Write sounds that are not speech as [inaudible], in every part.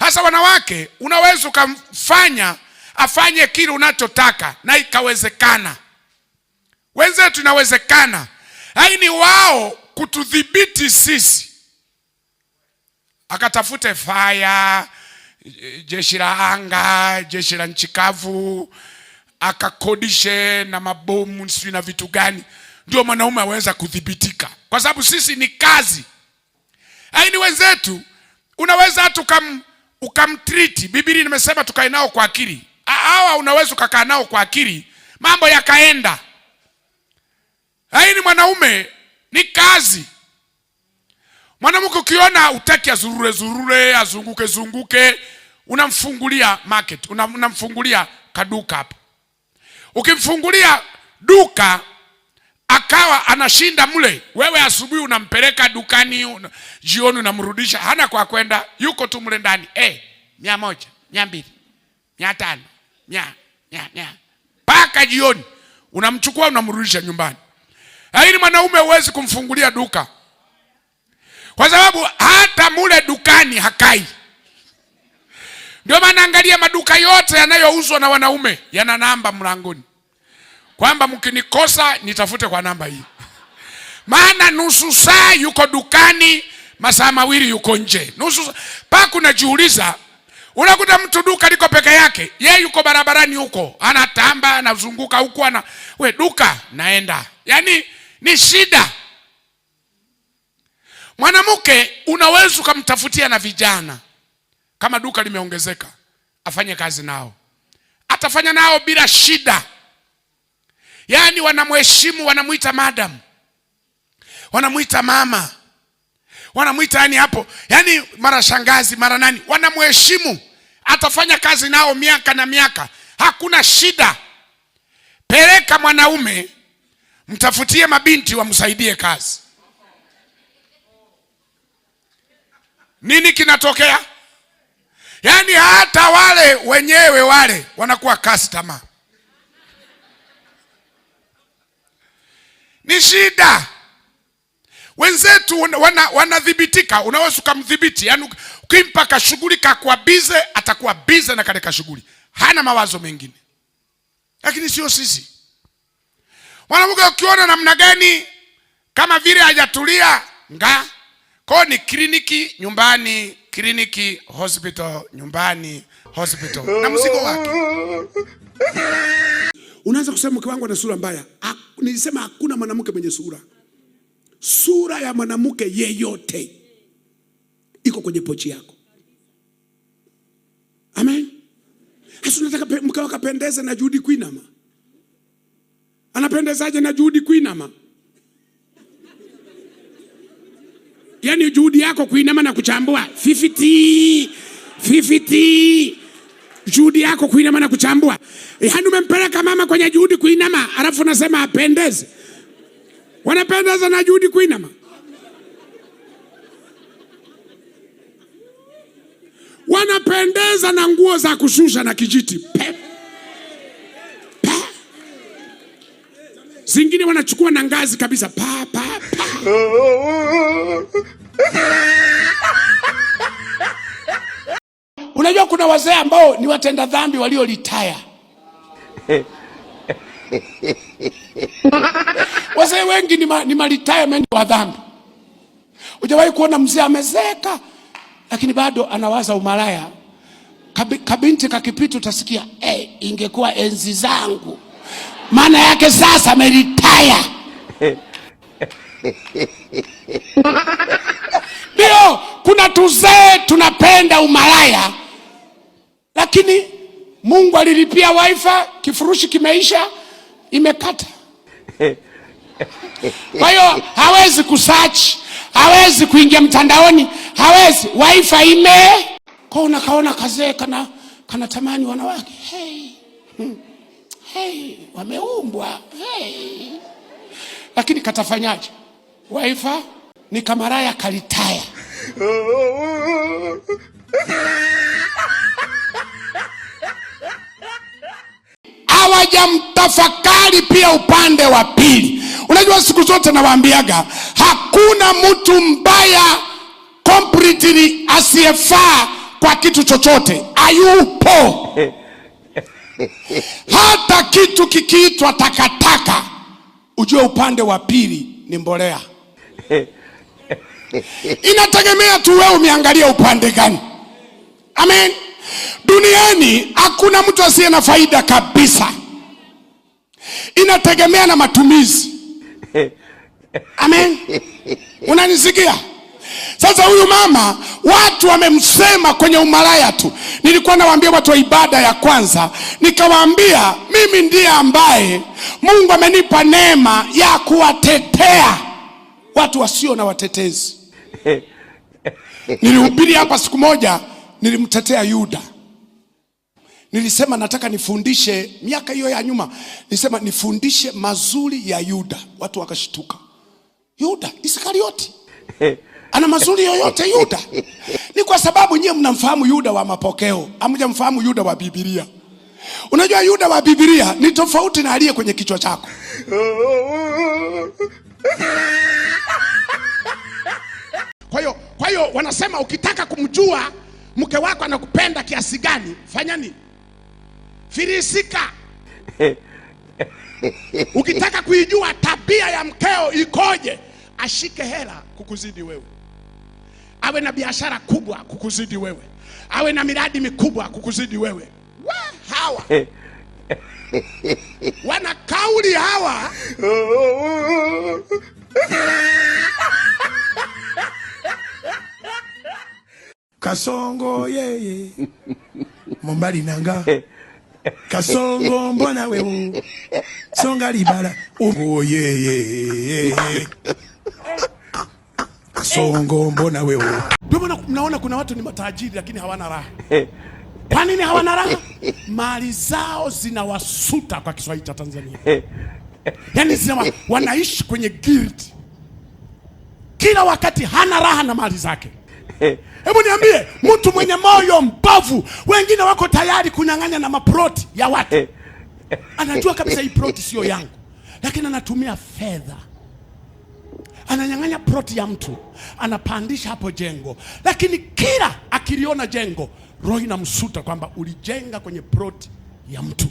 Hasa wanawake, unaweza ukamfanya afanye kile unachotaka na ikawezekana. Wenzetu inawezekana, lakini wao kutudhibiti sisi, akatafute faya, jeshi la anga, jeshi la nchi kavu, akakodishe na mabomu sijui na vitu gani, ndio mwanaume aweza kudhibitika, kwa sababu sisi ni kazi. Lakini wenzetu unaweza hata ukamtriti. Biblia nimesema tukae nao kwa akili. Hawa unaweza ukakaa nao kwa akili, mambo yakaenda. Haini mwanaume ni kazi. Mwanamke ukiona utaki azurure zurure, azunguke zunguke, unamfungulia market, unamfungulia kaduka hapa. Ukimfungulia duka akawa anashinda mle, wewe asubuhi unampeleka dukani, jioni unamrudisha, hana kwa kwenda, yuko tu mle ndani hey, eh, mia moja mia mbili mia tano mia mia mia mpaka jioni, unamchukua unamrudisha nyumbani. Lakini mwanaume huwezi kumfungulia duka kwa sababu hata mule dukani hakai. Ndio maana angalia maduka yote yanayouzwa na wanaume yana namba mlangoni kwamba mkinikosa nitafute kwa namba hii maana nusu saa yuko dukani, masaa mawili yuko nje, nusu saa paka. unakuta mtu duka liko peke yake, ye yuko barabarani huko, anatamba anazunguka huko, ana we duka naenda. Yani ni shida. Mwanamke unaweza ukamtafutia na vijana, kama duka limeongezeka afanye kazi nao, atafanya nao bila shida yaani wanamheshimu, wanamwita madam, wanamwita mama, wanamwita yani hapo, yaani mara shangazi, mara nani, wanamheshimu. Atafanya kazi nao miaka na miaka, hakuna shida. Peleka mwanaume, mtafutie mabinti wamsaidie kazi. Nini kinatokea? Yaani hata wale wenyewe wale wanakuwa customer ni shida. Wenzetu wanadhibitika, wana unaweza ukamdhibiti, yani ukimpa kashughuli kakuwa bize, atakuwa bize na kale kashughuli, hana mawazo mengine, lakini sio sisi. Mwanamke ukiona namna gani kama vile hajatulia nga kwao, ni kliniki nyumbani, kliniki hospital, nyumbani hospital, na mzigo wake. Unaanza kusema mke wangu ana sura mbaya. Ah, nilisema hakuna mwanamke mwenye sura. Sura ya mwanamke yeyote iko kwenye pochi yako. Amen. Hasa unataka mkao kapendeze na Judy Kuinama. Anapendezaje na Judy Kuinama? Yaani juhudi yako kuinama na kuchambua fifiti fifiti juhudi yako kuinama na kuchambua. Eh, yaani umempeleka mama kwenye juhudi kuinama, alafu unasema apendeze. Wanapendeza na juhudi kuinama? Wanapendeza na nguo za kushusha na kijiti pe, pe. Zingine wanachukua na ngazi kabisa pa, pa, pa. [laughs] Unajua kuna wazee ambao ni watenda dhambi walio retire. [laughs] Wazee wengi ni, ma, ni ma retirement wa dhambi. Ujawahi kuona mzee amezeka lakini bado anawaza umalaya. Kabi, kabinti kakipita utasikia hey, eh, ingekuwa enzi zangu. Maana yake sasa ameritaya. [laughs] Ndio, kuna tuzee tunapenda umalaya lakini Mungu alilipia wifi, kifurushi kimeisha, imekata. Kwa hiyo hawezi kusearch, hawezi kuingia mtandaoni, hawezi wifi ime kwa unakaona kazee kana tamani wanawake hey. Hmm. Hey, wameumbwa hey. Lakini katafanyaje? Wifi ni kamaraya kalitaya [laughs] hawajamtafakari pia upande wa pili. Unajua, siku zote nawaambiaga hakuna mtu mbaya completely asiyefaa kwa kitu chochote, hayupo [laughs] hata kitu kikiitwa takataka, ujue upande wa pili ni mbolea. [laughs] Inategemea tu wewe umeangalia upande gani. Amen. Duniani hakuna mtu asiye na faida kabisa, inategemea na matumizi. [laughs] Amen, unanisikia? Sasa huyu mama watu wamemsema kwenye umalaya tu. Nilikuwa nawaambia watu wa ibada ya kwanza, nikawaambia mimi ndiye ambaye Mungu amenipa neema ya kuwatetea watu wasio na watetezi. [laughs] Nilihubiri hapa siku moja, nilimtetea Yuda, nilisema nataka nifundishe. Miaka hiyo ya nyuma nilisema nifundishe mazuri ya Yuda, watu wakashtuka. Yuda iskarioti [laughs] ana mazuri yoyote Yuda? Ni kwa sababu nyie mnamfahamu Yuda wa mapokeo, hamjamfahamu Yuda wa Biblia. Unajua Yuda wa Biblia ni tofauti na aliye kwenye kichwa chako. [laughs] Kwa hiyo kwa hiyo wanasema ukitaka kumjua mke wako anakupenda kiasi gani, fanya nini? Firisika. [laughs] Ukitaka kuijua tabia ya mkeo ikoje, ashike hela kukuzidi wewe, awe na biashara kubwa kukuzidi wewe, awe na miradi mikubwa kukuzidi wewe. We, hawa [laughs] wana kauli hawa [laughs] kasongo yeye mombali nanga [laughs] kasongo mbona wewu songa libala ubo oh, yeye kasongo mbona wewu ndio mnaona kuna watu ni matajiri lakini hawana raha kwa nini hawana raha mali zao zinawasuta kwa kiswahili cha tanzania yaani zinawa, wanaishi kwenye guilt kila wakati hana raha na mali zake [laughs] Hebu niambie, mtu mwenye moyo mbavu, wengine wako tayari kunyang'anya na maproti ya watu. [laughs] Anajua kabisa hii proti sio yangu, lakini anatumia fedha, ananyang'anya proti ya mtu, anapandisha hapo jengo, lakini kila akiliona jengo roho inamsuta kwamba ulijenga kwenye proti ya mtu.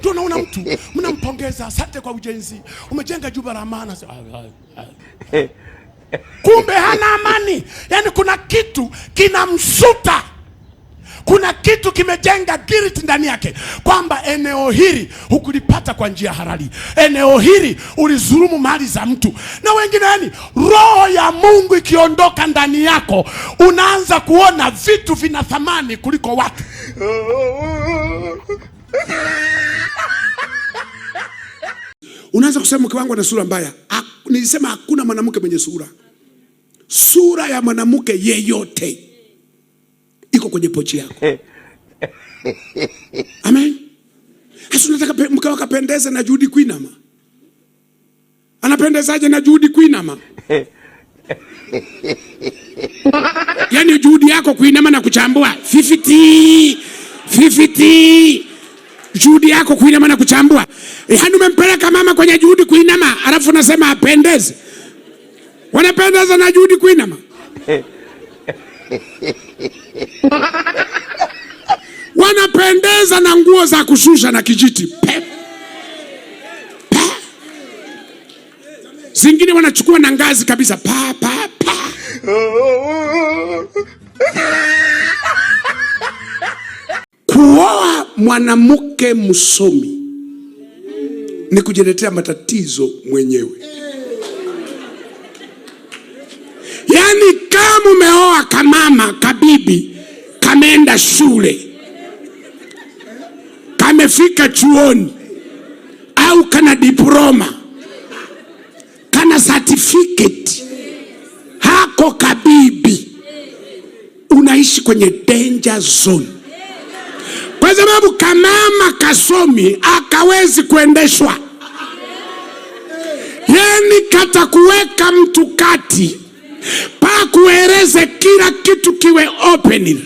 Tunaona [laughs] mtu mnampongeza, asante kwa ujenzi, umejenga jumba la maana kumbe hana amani. Yani kuna kitu kinamsuta, kuna kitu kimejenga guilt ndani yake kwamba eneo hili hukulipata kwa njia halali, eneo hili ulizulumu mali za mtu na wengine. Yani roho ya Mungu ikiondoka ndani yako, unaanza kuona vitu vina thamani kuliko watu unaanza kusema mke wangu ana sura mbaya nilisema hakuna mwanamke mwenye sura. Sura ya mwanamke yeyote iko kwenye pochi yako. [laughs] Amen. Hasa nataka mkao kapendeze na Judy Kuinama. Anapendezaje na Judy Kuinama? [laughs] Yaani juhudi yako kuinama na kuchambua 50 50 juhudi yako kuinama na kuchambua. Yaani umempeleka mama kwenye juhudi kuinama, alafu unasema apendeze. Wanapendeza na juhudi kuinama. [laughs] Wanapendeza na nguo za kushusha na kijiti. Pe. Pe. Zingine wanachukua na ngazi kabisa. Pa pa pa. [laughs] Kuoa mwanamke msomi ni kujiletea matatizo mwenyewe. Yaani, kama umeoa kamama kabibi kameenda shule kamefika chuoni au kana diploma kana certificate hako kabibi, unaishi kwenye danger zone kwa sababu kanama kasomi akawezi kuendeshwa yani katakuweka mtu kati pa kueleze kila kitu kiwe opening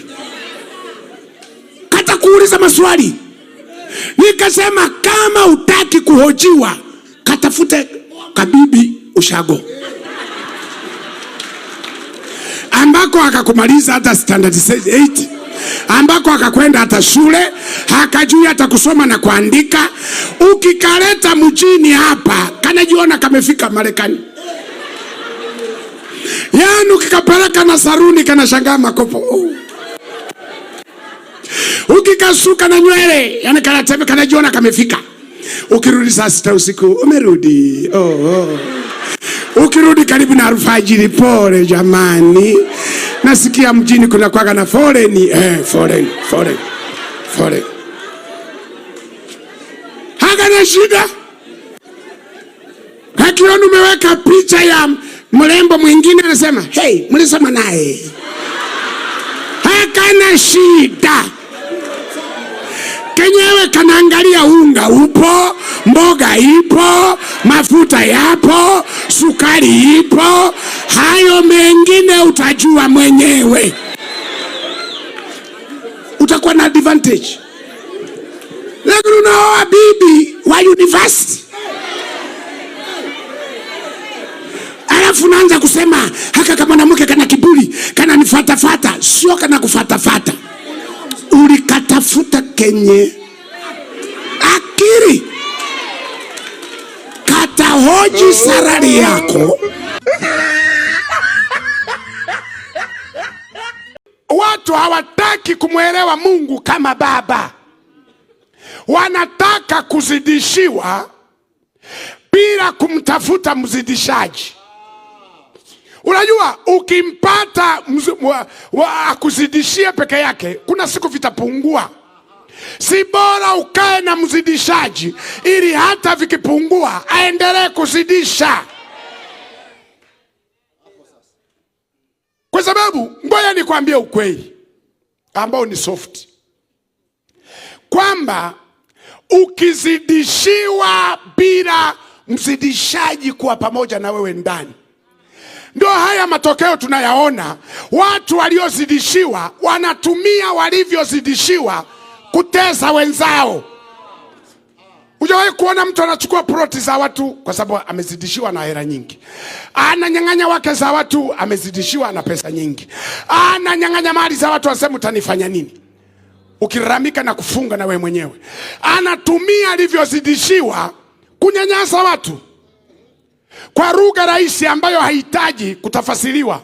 katakuuliza maswali nikasema kama utaki kuhojiwa katafute kabibi ushago ambako akakumaliza hata standard 8 ambako akakwenda hata shule hakajui hata kusoma na kuandika. Ukikaleta mjini hapa, kanajiona kamefika Marekani. Yani ukikapeleka na saruni, kanashangaa makopo oh. Ukikasuka na nywele, yani kanatembea, kanajiona kamefika. Ukirudi saa sita usiku umerudi oh, oh. Ukirudi karibu na alfajiri, pole jamani nasikia mjini kuna kwaga na foreign eh, foreign foreign foreign haga na shida hakioni, umeweka picha ya mrembo mwingine, anasema hey, mlisema naye hakana shida kenyewe kanaangalia, unga upo, mboga ipo, mafuta yapo, sukari ipo, hayo mengine utajua mwenyewe, utakuwa na advantage. Lakini unaoa bibi wa university alafu naanza kusema haka kama mwanamke kana kiburi kana nifatafata, sio kana kufatafata, ulikatafuta kenye akili atahoji sarari yako. Watu hawataki kumwelewa Mungu kama Baba, wanataka kuzidishiwa bila kumtafuta mzidishaji. Unajua, ukimpata akuzidishie peke yake, kuna siku vitapungua. Si bora ukae na mzidishaji ili hata vikipungua aendelee kuzidisha, kwa sababu ngoja nikwambie ukweli ambao ni soft, kwamba ukizidishiwa bila mzidishaji kuwa pamoja na wewe ndani ndio haya matokeo tunayaona. Watu waliozidishiwa wanatumia walivyozidishiwa kutesa wenzao. ujawai kuona mtu anachukua ploti za watu kwa sababu amezidishiwa na hela nyingi. Ananyang'anya wake za watu, amezidishiwa na pesa nyingi. Ananyang'anya mali za watu, asema utanifanya nini? Ukiramika na kufunga na we mwenyewe. Anatumia alivyozidishiwa kunyanyasa watu kwa lugha rahisi ambayo haihitaji kutafasiriwa.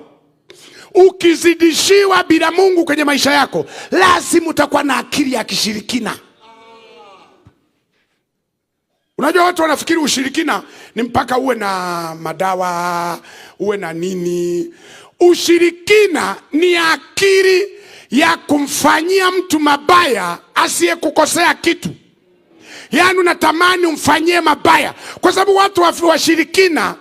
Ukizidishiwa bila Mungu kwenye maisha yako, lazima utakuwa na akili ya kishirikina. Unajua, watu wanafikiri ushirikina ni mpaka uwe na madawa uwe na nini. Ushirikina ni akili ya kumfanyia mtu mabaya asiyekukosea kitu, yaani unatamani umfanyie mabaya, kwa sababu watu washirikina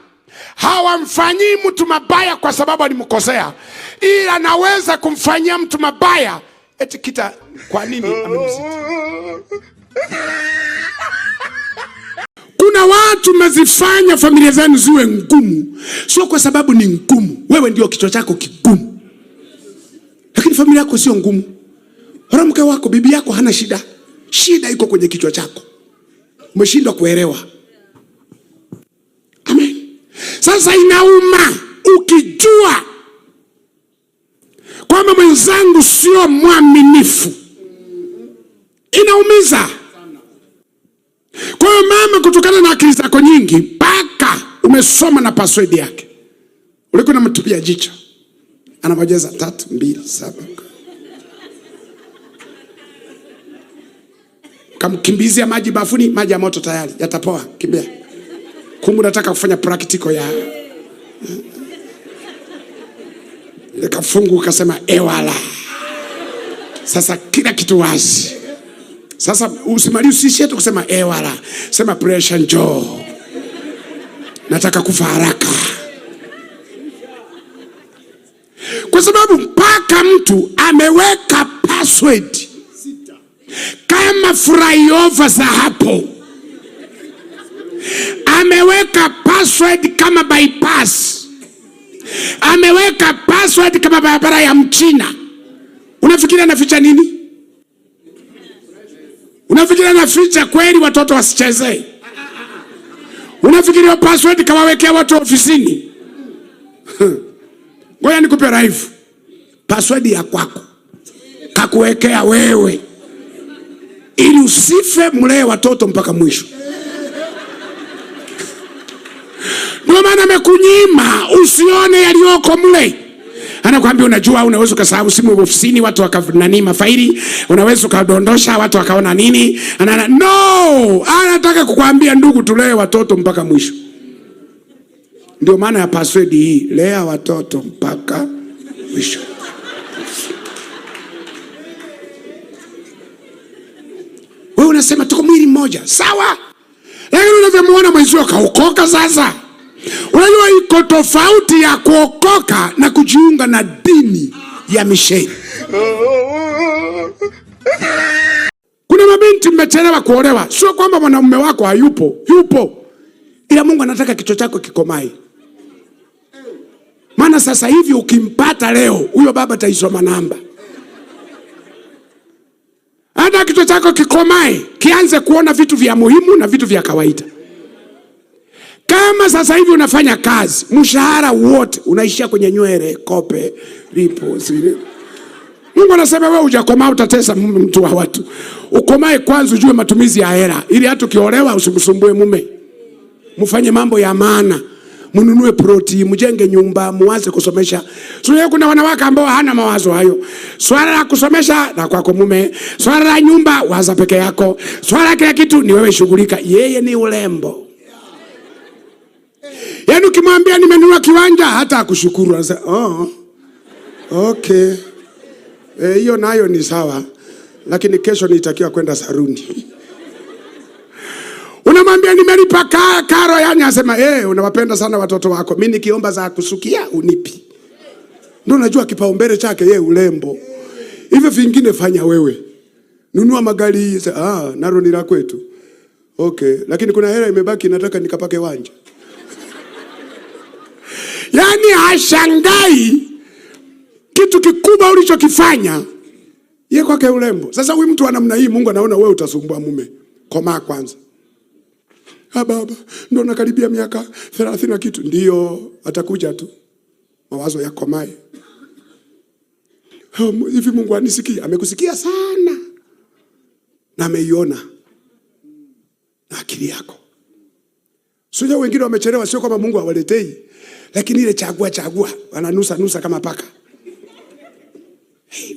hawamfanyii mtu mabaya kwa sababu alimkosea, ila anaweza kumfanyia mtu mabaya eti kita. Kwa nini amemzidi? Kuna watu mezifanya familia zenu ziwe ngumu, sio kwa sababu ni ngumu, wewe ndio kichwa chako kigumu, lakini familia yako sio ngumu, wala mke wako, bibi yako hana shida. Shida iko kwenye kichwa chako, umeshindwa kuelewa. Sasa inauma ukijua kwamba mwenzangu sio mwaminifu, inaumiza. Kwa hiyo mama, kutokana na akili zako nyingi, mpaka umesoma na password yake, ulikuwa unamtupia jicho, anabonyeza tatu mbili saba, kamkimbizia maji bafuni, maji ya moto tayari yatapoa, kimbia. Kumbe nataka kufanya practical ya Nikafungu kasema ewala. Sasa kila kitu wazi. Sasa usimali usiishie tu kusema ewala. Sema pressure njoo. Nataka kufa haraka. Kwa sababu mpaka mtu ameweka password kama flyover za hapo, ameweka password kama bypass ameweka password kama barabara ya Mchina. Unafikiri anaficha nini? Unafikiri anaficha kweli watoto wasichezee? Unafikiri password kawawekea watu ofisini? [laughs] Ngoja nikupe raifu password ya kwako kakuwekea wewe, ili usife, mlee watoto mpaka mwisho. maana amekunyima usione yaliyoko mle anakwambia unajua, unaweza ukasahau simu ofisini, watu wakanani mafaili, unaweza ukadondosha, watu wakaona nini. Anana, no, anataka kukwambia ndugu, tulee watoto mpaka mwisho. Ndio maana ya password hii, lea watoto mpaka mwisho. Wewe unasema tuko mwili mmoja, sawa, lakini unavyomwona mwenzio kaukoka sasa Unajua iko tofauti ya kuokoka na kujiunga na dini ya misheni. Kuna mabinti mmechelewa kuolewa, sio kwamba mwanamume wako hayupo, yupo, ila Mungu anataka kichwa chako kikomae Maana sasa hivi ukimpata leo, huyo baba ataisoma namba. Hata kichwa chako kikomae kianze kuona vitu vya muhimu na vitu vya kawaida. Kama sasa hivi unafanya kazi, mshahara wote unaishia kwenye nywele, kope, ripo, siri. Mungu anasema wewe hujakomaa, utatesa mtu wa watu. Ukomae kwanza, ujue matumizi ya hela, ili hata ukiolewa usimsumbue mume. Mfanye mambo ya maana, mununue ploti, mjenge nyumba, muanze kusomesha. Sio kuna wanawake ambao hana mawazo hayo. Swala la kusomesha na kwako mume, swala la nyumba waza peke yako, swala kila kitu ni wewe, shughulika. Yeye ni urembo Yaani ukimwambia nimenunua kiwanja hata akushukuru anasema oh, okay Eh, hiyo nayo ni sawa, lakini kesho nitakiwa kwenda saruni. [laughs] Unamwambia nimelipa ka, karo, yani anasema eh, hey, unawapenda sana watoto wako, Mimi nikiomba za kusukia unipi. Ndio unajua kipaumbele chake yeye, urembo. Hivyo vingine fanya wewe, nunua magari, ah, naro ni la kwetu. Okay, lakini kuna hela imebaki, nataka nikapake wanja yaani hashangai kitu kikubwa ulichokifanya, ye kwake urembo. Sasa huyu mtu wa namna hii, Mungu anaona wewe utasumbua mume. Komaa kwanza. Ha, ah, baba ndo nakaribia miaka thelathini na kitu, ndiyo atakuja tu mawazo ya komae ah, hivi. Mungu anisikia? Amekusikia sana na ameiona na akili yako. Sio wengine wamechelewa, sio kama Mungu hawaletei lakini ile chagua chagua wananusa nusa kama paka.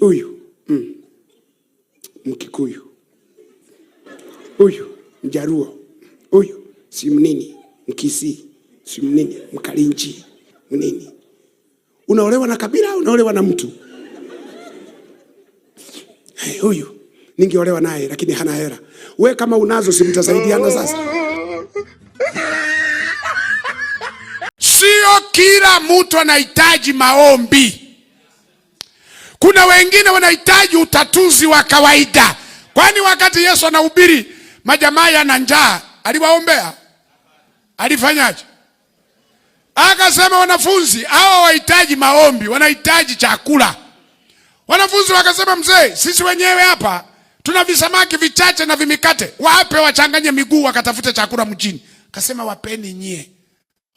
Huyu mm, Mkikuyu, huyu Mjaruo, huyu si mnini, Mkisi si mnini, Mkalinji mnini. Unaolewa na kabila, unaolewa na mtu huyu hey, ningeolewa naye lakini hana hela. We kama unazo simtasaidiana sasa ndio kila mtu anahitaji maombi. Kuna wengine wanahitaji utatuzi wa kawaida. Kwani wakati Yesu anahubiri majamaa yana njaa, aliwaombea? Alifanyaje? Akasema wanafunzi hao wahitaji maombi, wanahitaji chakula. Wanafunzi wakasema, mzee, sisi wenyewe hapa tuna visamaki vichache na vimikate, wape wachanganye miguu wakatafute chakula mjini. Akasema wapeni nyie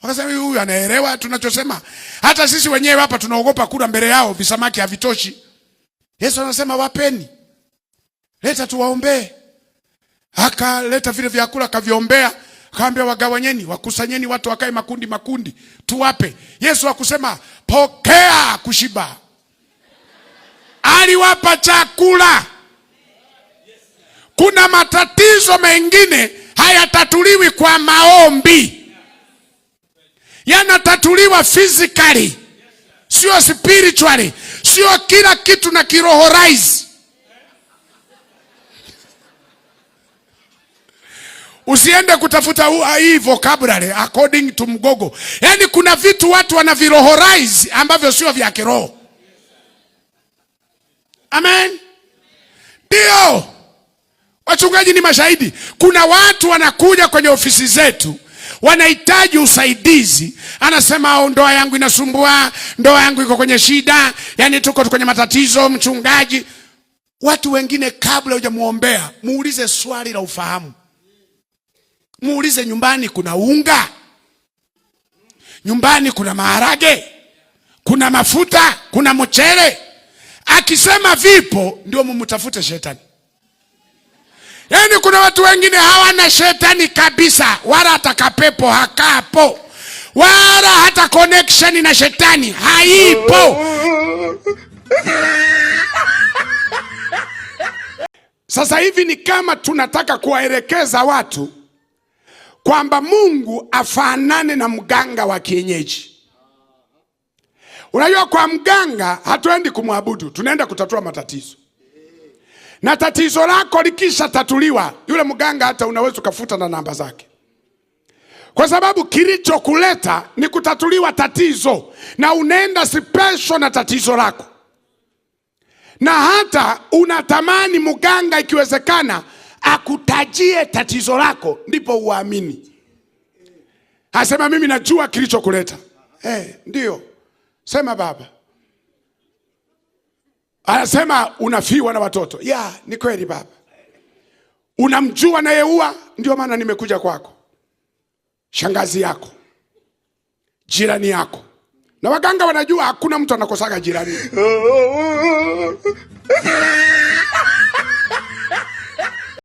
Wakasema huyu anaelewa tunachosema. Hata sisi wenyewe hapa tunaogopa kula mbele yao, visamaki havitoshi. Yesu anasema wapeni, leta tuwaombee. Akaleta vile vyakula akaviombea, akaambia wagawanyeni, wakusanyeni watu wakae makundi makundi, tuwape. Yesu akusema pokea kushiba, aliwapa chakula. Kuna matatizo mengine hayatatuliwi kwa maombi yanatatuliwa physically, sio spiritually, sio kila kitu na kiroho rise. Usiende kutafuta hii vocabulary according to Mgogo. Yaani kuna vitu watu wanavirohorize ambavyo sio vya kiroho. Amen. Ndio wachungaji ni mashahidi. Kuna watu wanakuja kwenye ofisi zetu wanahitaji usaidizi, anasema au ndoa yangu inasumbua, ndoa yangu iko kwenye shida, yani tuko kwenye matatizo, mchungaji. Watu wengine kabla hujamuombea, muulize swali la ufahamu, muulize nyumbani kuna unga, nyumbani kuna maharage, kuna mafuta, kuna mchele. Akisema vipo, ndio mumtafute shetani. Yaani kuna watu wengine hawana shetani kabisa, wala hata kapepo hakapo, wala hata connection na shetani haipo. Sasa hivi ni kama tunataka kuwaelekeza watu kwamba Mungu afanane na mganga wa kienyeji. Unajua, kwa mganga hatuendi kumwabudu, tunaenda kutatua matatizo na tatizo lako likishatatuliwa, yule mganga hata unaweza ukafuta na namba zake, kwa sababu kilichokuleta ni kutatuliwa tatizo, na unaenda sipesho na tatizo lako, na hata unatamani mganga ikiwezekana akutajie tatizo lako, ndipo uamini. Asema mimi najua kilichokuleta. Eh, ndio sema baba Anasema unafiwa na watoto ya ni kweli baba. Unamjua nayeua, ndio maana nimekuja kwako. Shangazi yako, jirani yako, na waganga wanajua, hakuna mtu anakosaga jirani [laughs]